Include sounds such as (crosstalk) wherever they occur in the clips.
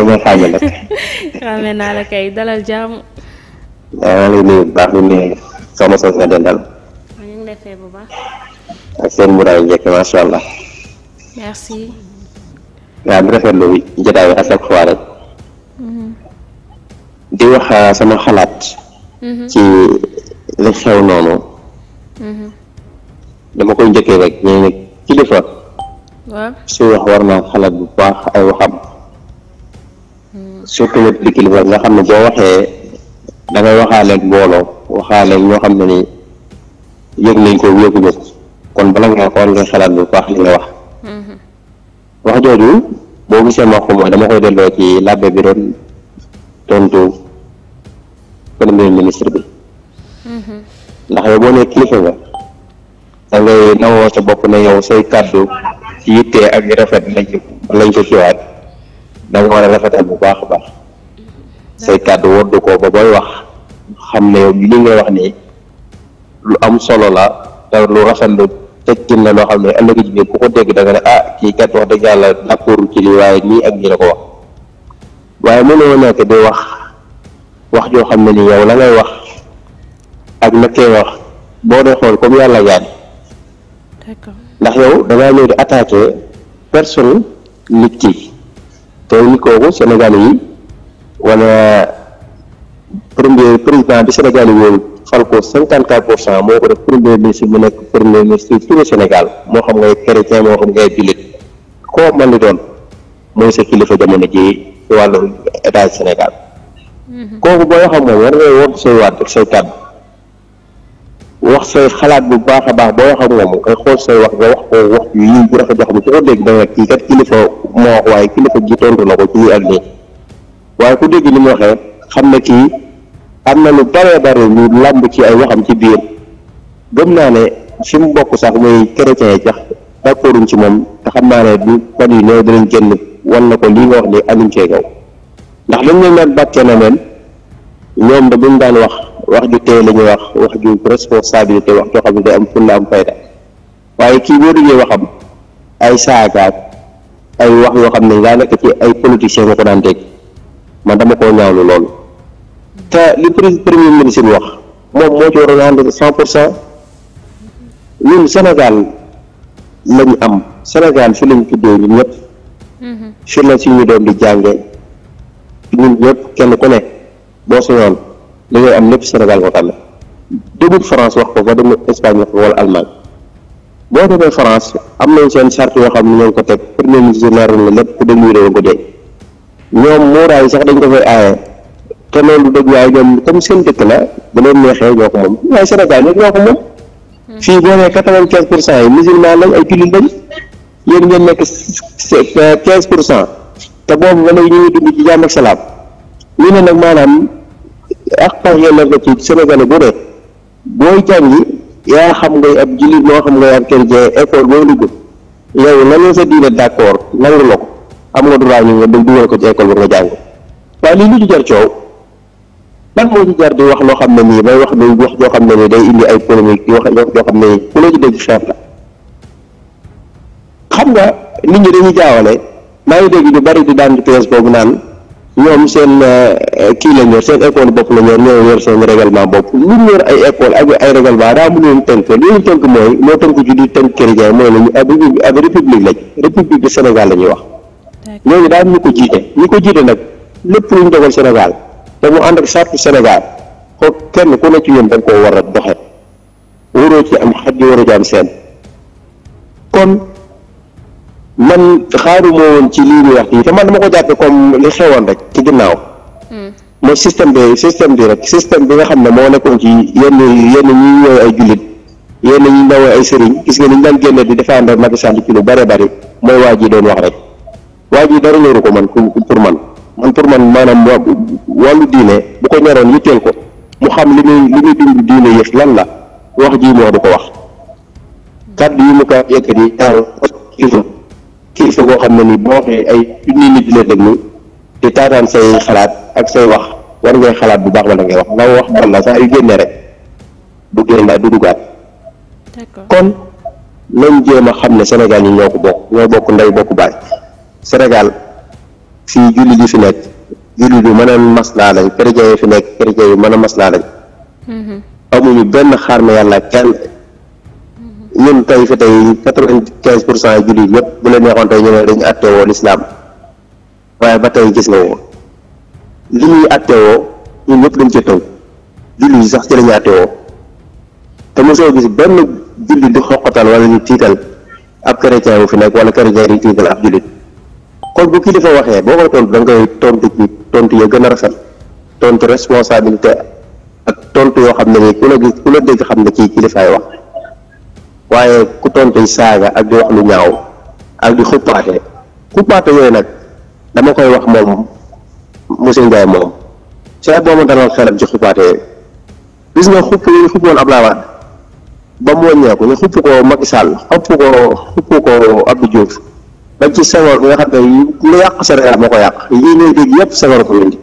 waaye moo xaajal nag. xamee naa la kay dalal jàmm. waaw maa ngi nuyu bu baax di nuyu soxna Sow nga dendal. ñu ngi bu baax. ak seen muraay njëkk macha allah. merci. waaw di rafetlu jotaay bi à chaque fois rek. di wax sama xalaat. ci li xew noonu. dama koy njëkkee rek ñu ne kilifa. waaw wax war naa xalaat bu baax ay waxam. surtout nag Pikine boobu nga xam ne boo waxee da ngay waxaaleeg mbooloo waxaaleeg ñoo xam ne ni yëg nañ ko yëguñu ko kon bala nga xool nga xalaat bu baax li nga wax wax jooju boo gisee ma wax ko dama koy delloo ci labbe bi doon tontu premier ministre bi ndax yow boo ne kilifa nga da nawoo sa bopp na yow say kàddu yittee ak yu rafet lañ ko ciwaat danga nga war a rafetal bu baax a baax say kàddu woddu koo ba booy wax xam ne yow li wax nii lu am solo la te lu rafet lu teggin la loo xam ne ëllëg ji ku ko dégg da ne ah kii kat wax dëgg yàlla d'accord ci lii waaye nii ak nii la ko wax waaye mënoo nekk di wax wax joo xam ne nii yow la ngay wax ak na koy wax boo dee xool comme yàlla yaan ndax yow dangaa ñëw di personne nit ki tey ni kooku Sénégal yi wala premier président bi Sénégal yi woowu fal cinquante quatre pour cent moo ko def premier ministre mu nekk premier ministre tout Sénégal moo xam ngay chrétien moo xam ngay jullit koo man ni doon mooy sa kilifa jamono ji wàllu état Sénégal mhm. kooku boo xam moom war ngay wootu say waat say kàddu wax say xalaat bu baax a baax boo wax ak moom nga xool say wax nga wax ko wax yi bu rafet jox bu ko dégg da nga kii kat kilifa moo wax waaye kilifa ji tontu na ko ci ak nii waaye ku dégg ni mu waxee xam ne kii am na lu baree bare lu làmb ci ay waxam ci biir gëm naa ne fi mu bokk sax muy chrétien yi sax d'accorduñ ci moom te xam naa ne du fan yi néew dinañ génn wan na ko lii nga wax ni amuñ cee kaw ndax dañ leen daan bàkkee na leen ñoom da buñ daan wax wax ju tey la ñuy wax wax ju responsabilité wax joo xam na day am fulla am fayda waaye kii boo déggee waxam ay saagaat ay wax yoo xam ne daanaka ci ay politiciens nga ko daan dégg man dama koo ñaawlu loolu te li premier ministre wax moom moo ci waroon ànd cent pour cent ñun Sénégal am Sénégal fi lañ tuddee ñun ñëpp mm-hmm. fi la suñu doom di jànge ñun ñëpp kenn ku ne boo soñoon li ngay am lépp Sénégal nga ko amee déglu France wax ko ba dem Espagne wax ko wala Allemagne boo demee France am nañ seen charte yoo xam ne ñoo ngi ko teg premier ministre leer sax dañ ko fay aaye te loolu dëgg waaye ñoom comme seen dëkk la bu leen neexee ñoo ko moom waaye Sénégal nag ñoo ko moom. fii boo nee quatre-vingt-quinze pour cent yi musulman lañ ay jullit lañ yéen ngeen nekk te boobu ba léegi ñu dund ci jàmm ak salaam ñu ne nag maanaam. ak tax yelleef la ci Sénégalais bu ne booy jàngi yaa xam ngay ab jullit moo xam ngay ab chrétien école boo dugg yow la leen sa diine d'accord nangu la ko am nga droit ñu nga dem dugal ko ci école ba jàng waaye lii lu ci jar coow lan moo ci wax loo xam ne nii bay wax ni wax joo xam ne nii day indi ay polémique di wax joo xam ne nii ku la ci dégg xeet la xam nga nit ñi dañuy jaawale maa ngi dégg ñu bari di daan di boobu naan ñoom seen eh, kii la ñor seen école bopp la ñor ñoo ñor seen règlement bopp lu ñor ay école ay règlement daa mu leen tënk li ñu tënk mooy moo tënk ci di tënk chrétien mooy la ñu ab république lañ république du Sénégal la wax ñooñu daal ñu ko jiite ñu ko jiite nag lépp lu ñu dogal Sénégal te mu ànd ak charte Sénégal ko kenn ku ne ci yéen da nga koo war a doxe waroo ci am xaj waroo ci seen kon man xaaruma woon ci lii ñu wax te man dama ko jàppe comme li xewoon rek ci ginnaaw hmm. moo système be système bi rek système bi nga xam ne moo nekkoon ci yenn yenn ñuy ñëw ay jullit yenn ñuy ñëw ay sëriñ gis nga ni ñu daan génne di défendre Macky Sall ci lu bare bari mooy waa ji doon wax rek waa ji dara ñoru ko man pour man man pour man maanaam wàllu diine bu ko ñoroon yitteel ko mu xam li muy li muy dund diine yëf lan la wax ji mu du ko wax hmm. kàddu yi mu ko yëkkati kilifa goo xam ne ni boo waxee ay junni nit di la déglu di taataan say xalaat ak say wax war ngay xalaat bu baax wala ngay wax la wax man la saa yu génnee rek du génn kon nañ jéem a xam ne senegal yi ñoo ko bokk ñoo bokk ndey bokk baay Sénégal fii jullit yi fi nekk jullit yu mën a maslaa lañ chrétien yi fi nekk chrétien yu mën a maslaa lañ mm-hmm. amuñu benn xaar ma yàlla kenn ñun tey fi tey quatre-vingt-quinze pour cent yi jullit yëpp bu leen neexoon tey ñu ne dañu attewoo lislaam waaye ba tey gis nga woo li ñuy attewoo ñun ñëpp dañ ci tënk jullit yi sax ci lañu attewoo te mosoo gis benn jullit di xoqatal wala ñu tiital ab chrétien bu fi nekk wala chrétien yi tiital ab jullit kon bu kilifa waxee boo koy tontu da nga koy tontu ci tontu ya gën a rafet tontu responsabilité ak tontu yoo xam ne nii ku la gis ku la dégg xam ne kii kilifaay wax waaye ku tontu saaga ak di wax lu ñaaw ak di xuppaate xuppaate yooyu nag dama koy wax moom monsieur Ndiaye moom c'est boo ma dalal xelam ci xuppaate yooyu gis nga xupp yi xupp woon Abdoulaye Wade ba mu wàññeeku ñu xupp ko Macky Sall xupp ko xupp ko Abdou Diouf ba ci Senghor bi nga xam ne lu yàq Sénégal moo ko yàq lii ngay dégg yëpp Senghor ko indi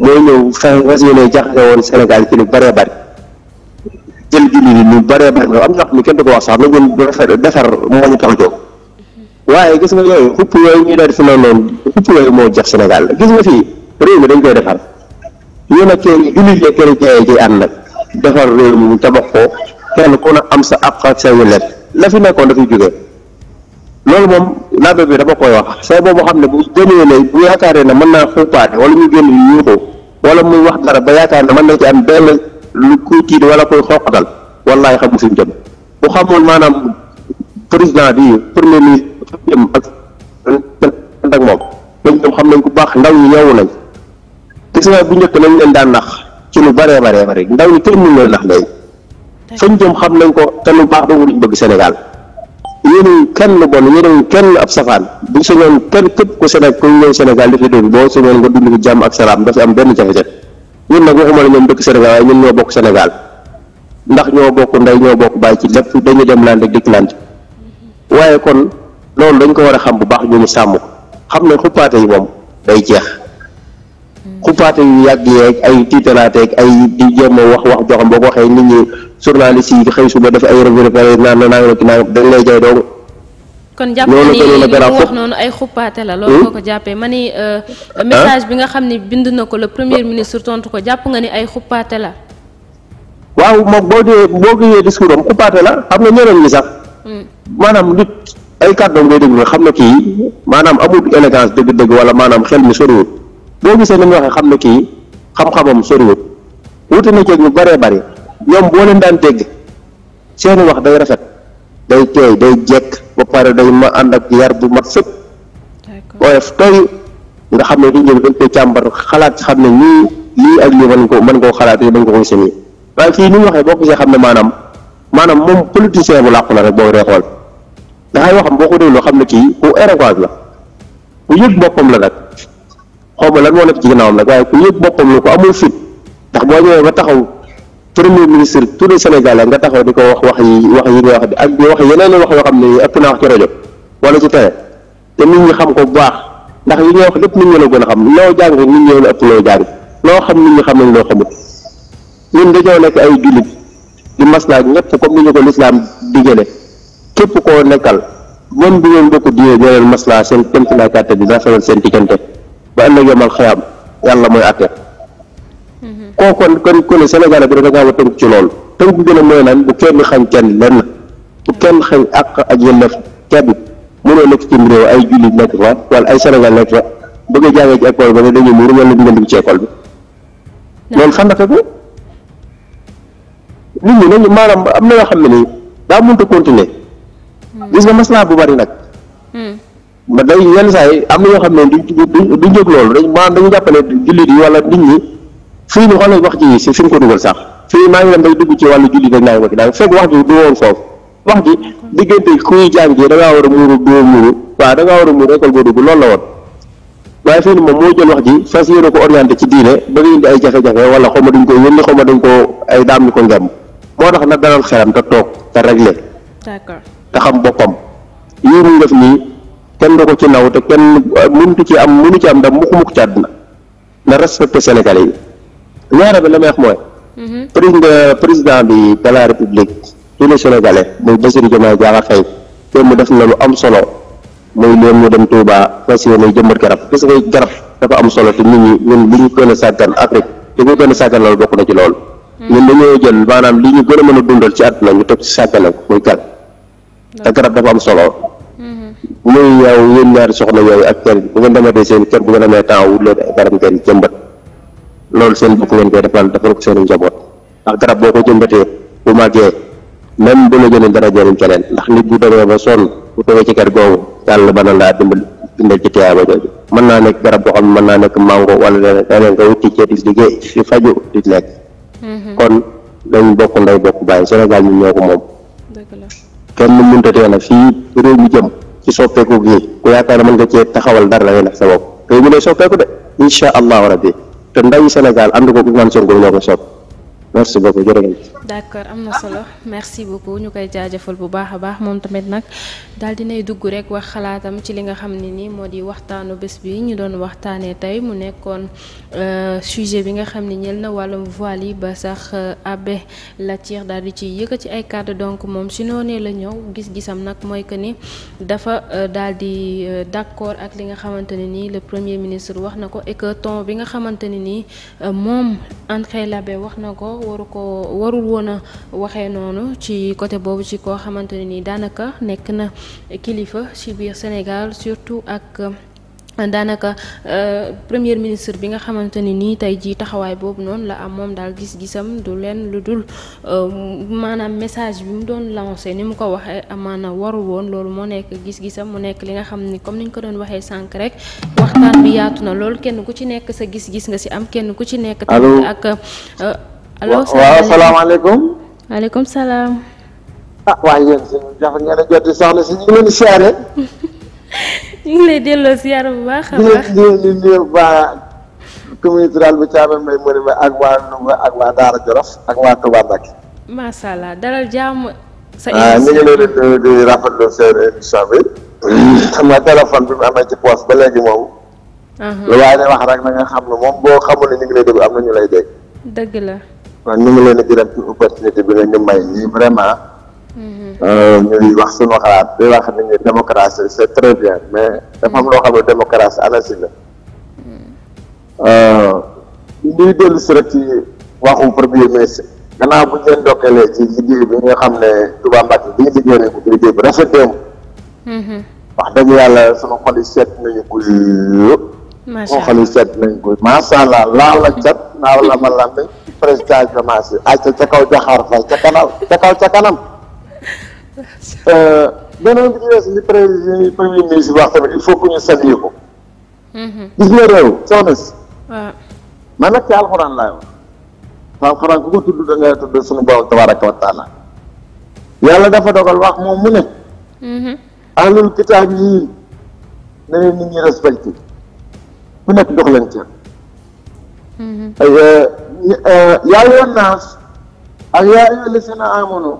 mooy ñëw fexe fas yéene jaxase woon Sénégal ci lu bëree bëri jël jullit yi lu bëree bëri am na xam ne kenn du ko wax sax nañ leen defar moo ñu tax a jóg waaye gis nga yooyu xupp yooyu ñuy daal di noonu moo jeex Sénégal gis nga fii koy defar ñu ne kenn jullit yi chrétien yi ciy ànd nag defar ko kenn am sa àq ak sa wëlleet la fi nekkoon dafay jógee loolu moom laabe bi dama koy wax say boobu xam ne bu gënee ne bu yaakaaree ne mën naa xuupaate wala muy génn yuuxu wala muy wax dara ba yaakaar na mën na ci am benn lu koy tiit wala koy xoqatal wallaay xamul suñ jëm bu xamoon maanaam président bi premier ministre jëm ak ànd ak moom xam nañ ku baax ndaw ñi yeewu nañ gis nga bu njëkk nañ leen daan nax ci lu baree baree bare ndaw ñi kenn mënu leen nax léegi fañ jëm xam nañ ko te lu baax dong luñ bëgg Sénégal yéen kenn kenn ab safaan buñ sañoon kenn képp ku Sénégal ku ñëw Sénégal dafay dégg boo sañoon nga dund ko dafa am benn jafe-jafe ñun nag waxuma la ñoom dëkk Sénégal waaye ñun ñoo bokk Sénégal ndax ñoo bokk ndey ñoo bokk bàyyi ci lépp dañu dem laan rek dëkklante waaye kon loolu dañ ko war a xam bu baax ñu mu sàmm xam ne xuppaate yi moom day jeex xuppaate yu yàgg yeeg ay tiitalaateeg ay di jéem wax wax joxam boo ko waxee nit ñi journaliste yi xëy suba def ay revue de presse naan na naa ngi dañ lay jaay dong kon jàpp na ni li mu wax noonu ay xuppaate la loolu nga ko hmm? jàppee man ni euh, message bi nga xam ne bind na ko la premier ministre tontu ko jàpp nga ni ay xuppaate la waaw moom boo dee boo gisee discours la xam nga ñeneen ñi sax hmm. maanaam nit ay kàddoom ngay déglu xam ne kii maanaam amul élégance dëgg-dëgg wala maanaam xel mi soriwut boo gisee ni mu waxee xam ne kii xam-xamam soriwut wute na ceeg ñu bëree bëri ñoom boo leen daan dégg seeni wax day rafet day teey day jekk ba pare day ma ànd ak yar bu mat sëpp woyof tooy nga xam ne du ñëw dañ xalaat xam ne lii lii ak lii mën ko mën koo xalaatee mën ko koy sëñee waaye fii ni mu waxee boo ko see xam ne maanaam maanaam moom politicien bu làqu la rek boo dee xool dafay waxam boo ko dégloo xam ne kii ku éréquage la ku yëg boppam la nag xaw ma lan moo nekk ci ginnaawam nag waaye ku yëg boppam la ku amul fit ndax boo ñëwee ba taxaw premier ministre tout le Sénégal nga taxaw di ko wax wax yi wax yi nga wax bi ak di wax yeneen wax yoo xam ne ëpp naa wax ci rajo wala ci télé te nit ñi xam ko bu baax ndax yi nga wax lépp nit ñi la gën a xam loo jàng nit ñi la loo jàng loo xam nit ñi xam nañ loo xamut ñun dañoo nekk ay jullit di maslaa ñëpp comme ni ñu ko lislaam diggale képp koo nekkal moom bi ngeen bokk diine ñoo leen maslaa seen kémtalaakàtte bi daa sawal seen diggante ba ëllëg yomal xayaam yàlla mooy àtte koo kon kon kon Sénégal bi dafa gaaw a tënk ci loolu tënk bi la mooy naan bu kenn xañ kenn lenn bu kenn xañ ak ak yelleef kenn mënoo nekk ci réew ay jullit nekk fa wala ay Sénégal nekk fa bëgg a jàngee ci école ba ne dañuy muur wala du am na yoo xam ne nii daa mënut a continuer. Hmm. gis nga maslaa bu bari nag. Hmm. ma day yenn saa yi am na yoo xam ne duñ duñ jóg loolu dañ maanaam dañu jàpp jullit yi wala nit ñi. fii ni xoolal wax ji si fi mu ko dugal sax fii maa ngi dem bay dugg ci wàllu julli dañ naa ki daal fekk wax ji du woon foofu wax ji diggante kuy jàngee da ngaa war a muuru doo muuru waaw da war a muuru école boo dugg loolu la woon waaye fii ni moom moo jël wax ji fas yéene ko orienté ci diine ba ngay indi ay jafe-jafe wala xaw ma dañ ko yónni xaw ma ko ay daam ni ko ngem moo tax na dalal xelam te toog te réglé te xam boppam yii muy def nii kenn da ko ci naw te kenn mënut ci am mënu ci am ndam mukk mukk ci àdduna na respecté Sénégalais yi ñaara bi la may wax mooy. Mhm. président président bi de la république tous les sénégalais muy Bassirou Diomaye Diakhar Faye démb def na lu am solo muy leen ñu dem Touba fas yéene jëmbat garab gis nga garab dafa am solo te nit ñi ñun li ñu gën a sàggan ci loolu. Mhm. ñun dañoo jël maanaam li ñu mën a dundal ci àdduna ñu toog ci sàggan muy garab te garab dafa am solo. Mhm. muy yow yéen ñaari soxna yooyu ak kër bu ngeen dematee seen kër bu ngeen amee temps wut leen garab ngeen jëmbat. loolu seen bopp ngeen koy defal defal ko seen njaboot ndax garab boo ko jëmbatee bu màggee même bu la jëlee dara jëriñ keneen ndax nit bu demee ba sonn bu toogee ci kër googu yàlla ba na laa dimbal bindal ci tiyaaba jooju mën naa nekk garab boo xam ne mën naa nekk mango wala leneen leneen nga wuti ci di liggéey di faju di lekk mhm. kon dañ bokk nday bokk bàyyi Sénégal ñun ñoo ko moom kenn mënta tee nag fii réew mi jëm ci soppeeku gi ku yaakaar ne mën nga cee taxawal dara la ngay sa bopp réew mi day soppeeku de incha allahu te ndawi Sénégal ànd ko Ousmane Sonko ñoo ko soob merci beaucoup accord am na merci beaucoup ñu koy jaajëfal bu baax a baax moom tamit nag daal nay dugg rek wax xalaatam ci li nga xam ne nii moo di waxtaanu bés bi ñu doon waxtaanee tey mu nekkoon euh, sujet bi nga xam ne ñeel na wàllum voile yi ba sax euh, abbé Latyr daal di ci ci ay kàddu donc moom si noonee la ñëw gis-gisam nag mooy que ni dafa euh, daal di d' accord ak li nga xamante ne nii le premier ministre wax na ko et que ton bi nga xamante ne nii moom André Labe wax na ko. waru ko warul woon a waxee noonu ci côté boobu ci ko xamante ne nii daanaka nekk na kilifa ci biir Sénégal surtout ak euh, daanaka euh, premier ministre bi nga xamante ne nii tey jii taxawaay boobu noonu la am moom daal gis-gisam du leen lu dul euh, maanaam message bi mu doon lancé ni mu ko waxee amaana waru woon loolu moo nekk gis-gisam mu nekk li nga xam ni comme ni ñu ko doon waxee sànq rek waxtaan bi yaatu na loolu kenn ku ci nekk sa gis-gis nga si am kenn ku ci nekk. allo salaamaaleykum waaleykum salaam. ah waaye yéen si jafe ngeen a jot soxna si ñu ngi leen di (laughs) ñu ngi lay delloo siyaare bu baax a baax di leen di nuyu ah, (clears throat) xam na nga xam ne moom boo xamul ne ñu ngi lay déglu am na ñu lay dégg. dëgg la. kon ñu ngi leen di gërëm ci opportunité bi nga ñu may nii vraiment. Euh, ñuy wax sunu xalaat di wax ni ñu démocratie c' bien mais dafa loo xam ne démocratie anasi la. Euh, ñuy dellu si rek ci waxu premier ministre gannaaw bu nga xam ne Touba Mbacke bi ñu liggéey rek liggéey bi rafet démb. wax dëgg yàlla sunu xol set seet nañu ko yëpp. macha allah nañu ko macha allah laa la cat naaw la ma lambe. président Diomaye si ayca ca kaw jaxaar fay ca kanam ca kaw ca kanam euh, beneen bi ci des li président premier ministre wax tamit il faut que ñu saluer ko mhm. gis nga réew soxna si man nag ci alxuraan laay wax te alxuraan ku ko tudd da tudd suñu borom tabaraka wa taala yàlla dafa dogal wax moom mu ne mhm. ahlul kitaab yii na nit ñi respecté ku nekk jox leen cër mhm. euh, yaa ayyuhan naas ak yaa ayyuhal lazina amanu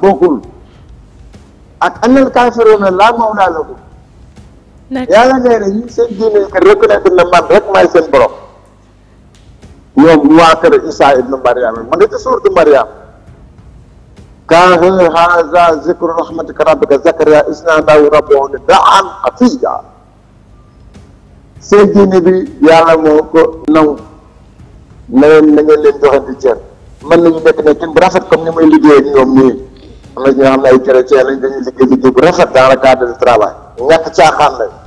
bokkul ak annal kaafiruuna laa mawlaa lahum yàlla nee na ñi seen diine que reconnaître na man rek maay seen borom ñoom waa kër Isaa ibnu Maryam ma nga ci suuratu Maryam kaafir haaza zikru rahmatika rabbika Zakariyaa isnadahu rabbahu nidaan xafiya seen diine bi yàlla moo ko nangu na leen na ngeen leen joxante cër mën nañu nekk ne kenn bu rafet comme ni may liggéeyee ak ñoom nii am na ñoo xam ne ay chrétien lañ dañuy liggéey liggéey bu rafet dans le cadre du travail ñàkk caaxaan la